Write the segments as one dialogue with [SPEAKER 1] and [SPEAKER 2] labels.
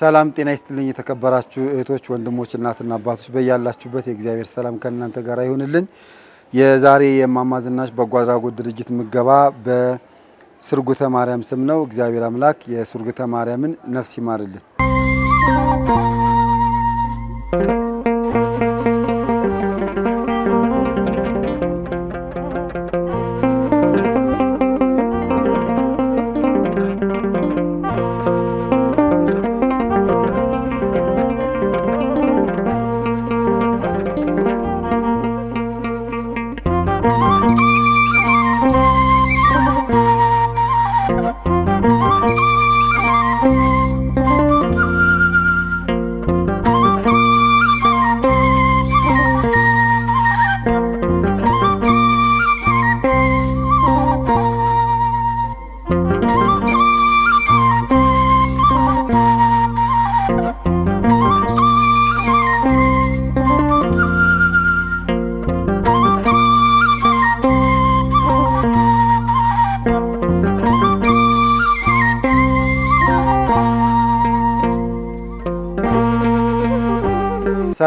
[SPEAKER 1] ሰላም ጤና ይስጥልኝ። የተከበራችሁ እህቶች፣ ወንድሞች፣ እናትና አባቶች በያላችሁበት የእግዚአብሔር ሰላም ከእናንተ ጋር ይሁንልን። የዛሬ የእማማ ዝናሽ በጎ አድራጎት ድርጅት ምገባ በስርጉተ ማርያም ስም ነው። እግዚአብሔር አምላክ የስርጉተ ማርያምን ነፍስ ይማርልን።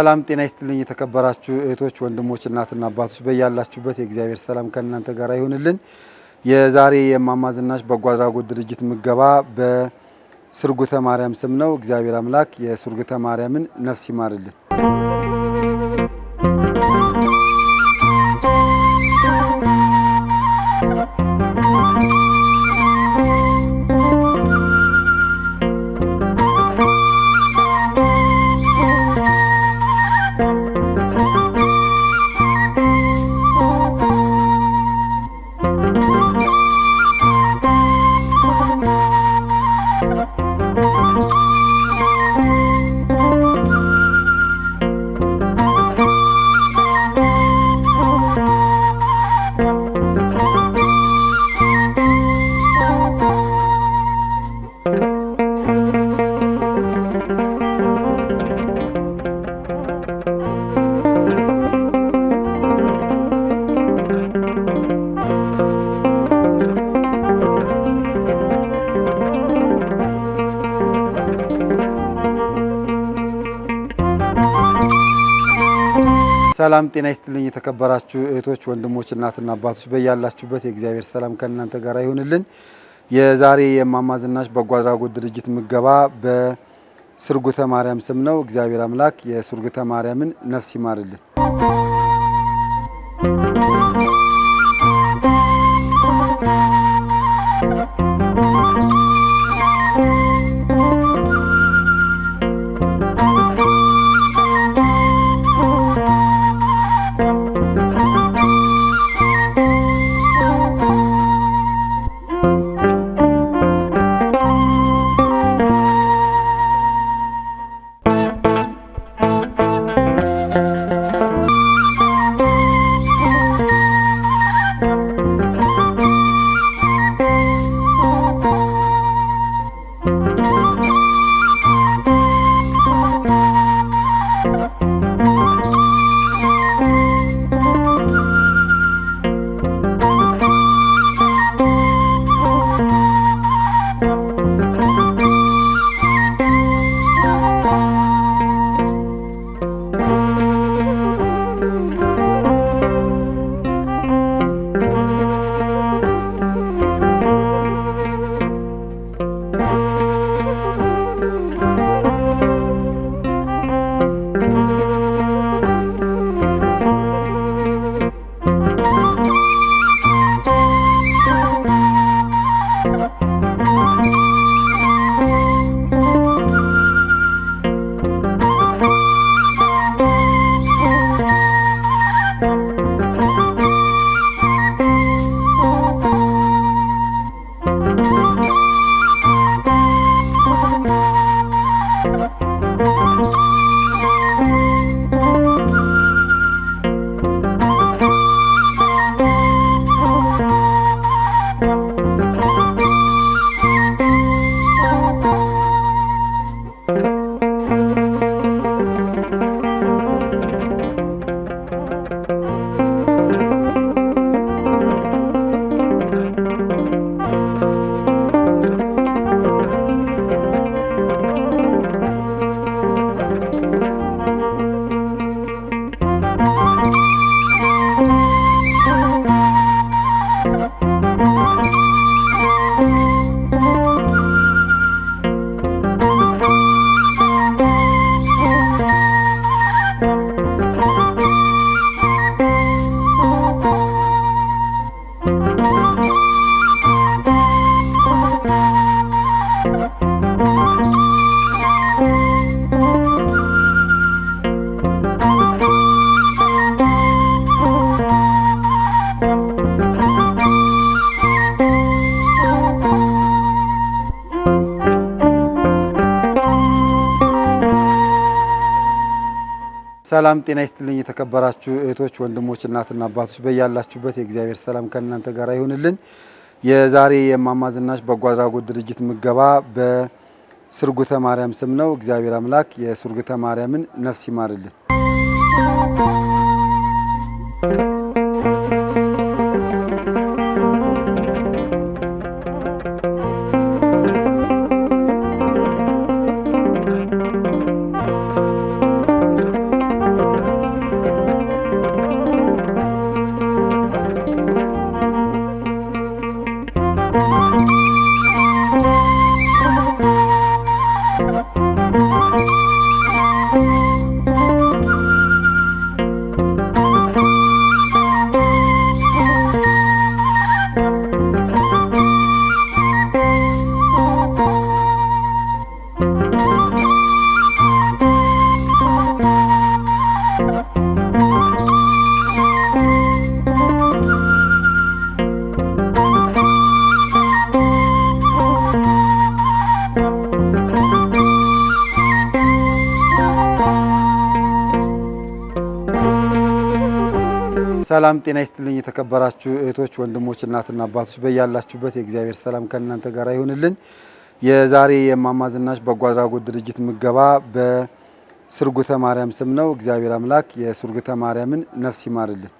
[SPEAKER 1] ሰላም ጤና ይስጥልኝ። የተከበራችሁ እህቶች፣ ወንድሞች፣ እናትና አባቶች በያላችሁበት የእግዚአብሔር ሰላም ከእናንተ ጋር ይሁንልን። የዛሬ የእማማ ዝናሽ በጎ አድራጎት ድርጅት ምገባ በስርጉተ ማርያም ስም ነው። እግዚአብሔር አምላክ የስርጉተ ማርያምን ነፍስ ይማርልን። ሰላም ጤና ይስጥልኝ። የተከበራችሁ እህቶች፣ ወንድሞች፣ እናትና አባቶች በያላችሁበት የእግዚአብሔር ሰላም ከእናንተ ጋር ይሁንልን። የዛሬ የእማማ ዝናሽ በጎ አድራጎት ድርጅት ምገባ በስርጉተ ማርያም ስም ነው። እግዚአብሔር አምላክ የስርጉተ ማርያምን ነፍስ ይማርልን። ሰላም ጤና ይስጥልኝ። የተከበራችሁ እህቶች፣ ወንድሞች፣ እናትና አባቶች በያላችሁበት የእግዚአብሔር ሰላም ከእናንተ ጋር ይሁንልን። የዛሬ የእማማ ዝናሽ በጎ አድራጎት ድርጅት ምገባ በስርጉተ ማርያም ስም ነው። እግዚአብሔር አምላክ የስርጉተ ማርያምን ነፍስ ይማርልን። ሰላም ጤና ይስጥልኝ። የተከበራችሁ እህቶች፣ ወንድሞች፣ እናትና አባቶች በያላችሁበት የእግዚአብሔር ሰላም ከእናንተ ጋር ይሁንልን። የዛሬ የእማማ ዝናሽ በጎ አድራጎት ድርጅት ምገባ በስርጉተ ማርያም ስም ነው። እግዚአብሔር አምላክ የስርጉተ ማርያምን ነፍስ ይማርልን።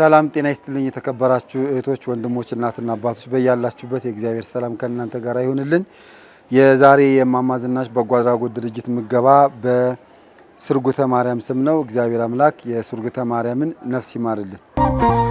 [SPEAKER 1] ሰላም ጤና ይስጥልኝ። የተከበራችሁ እህቶች፣ ወንድሞች፣ እናትና አባቶች በያላችሁበት የእግዚአብሔር ሰላም ከእናንተ ጋር ይሁንልን። የዛሬ የእማማ ዝናሽ በጎ አድራጎት ድርጅት ምገባ በስርጉተ ማርያም ስም ነው። እግዚአብሔር አምላክ የስርጉተ ማርያምን ነፍስ ይማርልን።